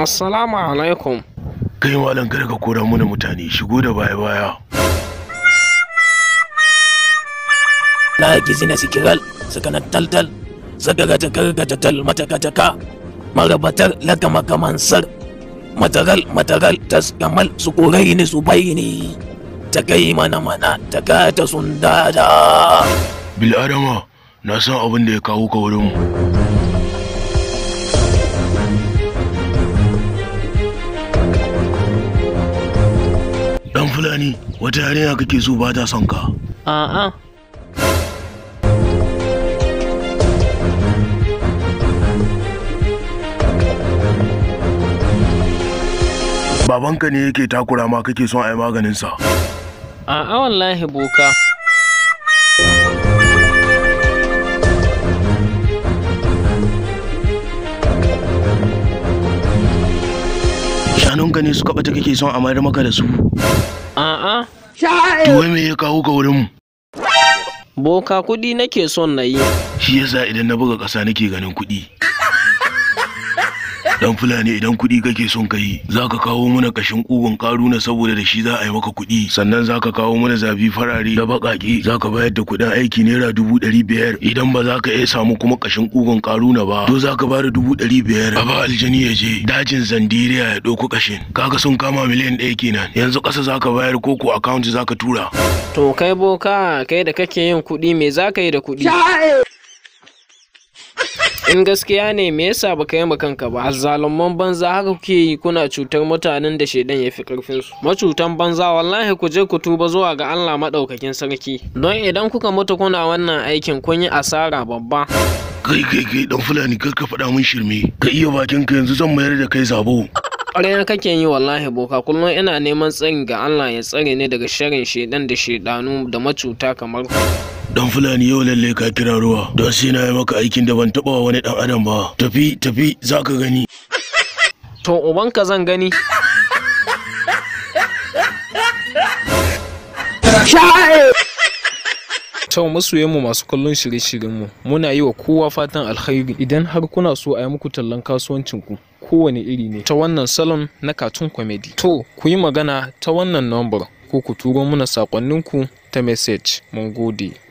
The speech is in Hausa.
Assalamu alaikum. Kai malam kada ka kora mana mutane shigo da baya baya. Na La zina sikiral na taltal sagagata gagata tal matakata ka marabatar laka sar matagal matagal tas kamal su korai ne su bai ne ta kai mana mana ta kata sun dada. Bil'adama na san abin da ya kawo ka wurin mu. Fulani, wata yarinya kake so ba ta son ka. A'a. Babanka ne yake takura ma kake son a maganin sa. A'a wallahi boka. shanunka ne suka bata kake son a mayar maka da su a'a to wai me ya kawo ka wurin mu boka kudi nake son na yi shi yasa idan na buga ƙasa nake ganin kudi dan fulani idan kuɗi kake son ka yi za ka kawo mana kashin ƙugun karuna saboda da shi za a yi maka kuɗi sannan za ka kawo mana zabi farare da baƙaƙe za ka bayar da kuɗin aiki naira dubu ɗari biyar idan ba za ka iya samu kuma kashin ƙugun karuna ba to za ka ba da dubu ɗari biyar a ba aljani ya je dajin zandiriya ya ɗauko kashin kaga sun kama miliyan ɗaya kenan yanzu ƙasa za ka bayar ko ko account za ka tura. to kai boka kai da kake yin kuɗi me za ka yi da kuɗi. in gaskiya ne me yasa baka yi kanka ba zalumman banza haka kuke yi kuna cutar mutanen da shaidan ya fi karfin su macutan banza wallahi ku je ku tuba zuwa ga Allah madaukakin sarki don idan kuka mutu kuna wannan aikin kun yi asara babba kai kai kai dan fulani kar ka faɗa min shirme ka iya bakin ka yanzu zan mayar da kai zabo ƙwarai kake yi wallahi boka kullum ina neman tsari ga Allah ya tsare ni daga sharin shaidan da shedanu da macuta kamar ku dan fulani yau lalle ka kira ruwa don sai na yi maka aikin da ban taba wani dan adam ba tafi tafi za ka gani to ubanka zan gani Tau masoyanmu masu kallon shirye-shiryenmu muna yi wa kowa fatan alkhairi idan har kuna so a yi muku tallan kasuwancinku kowane iri ne ta wannan salon na katun comedy. To ku yi magana ta wannan number ko ku turo muna sakonninku ta message. Mun gode.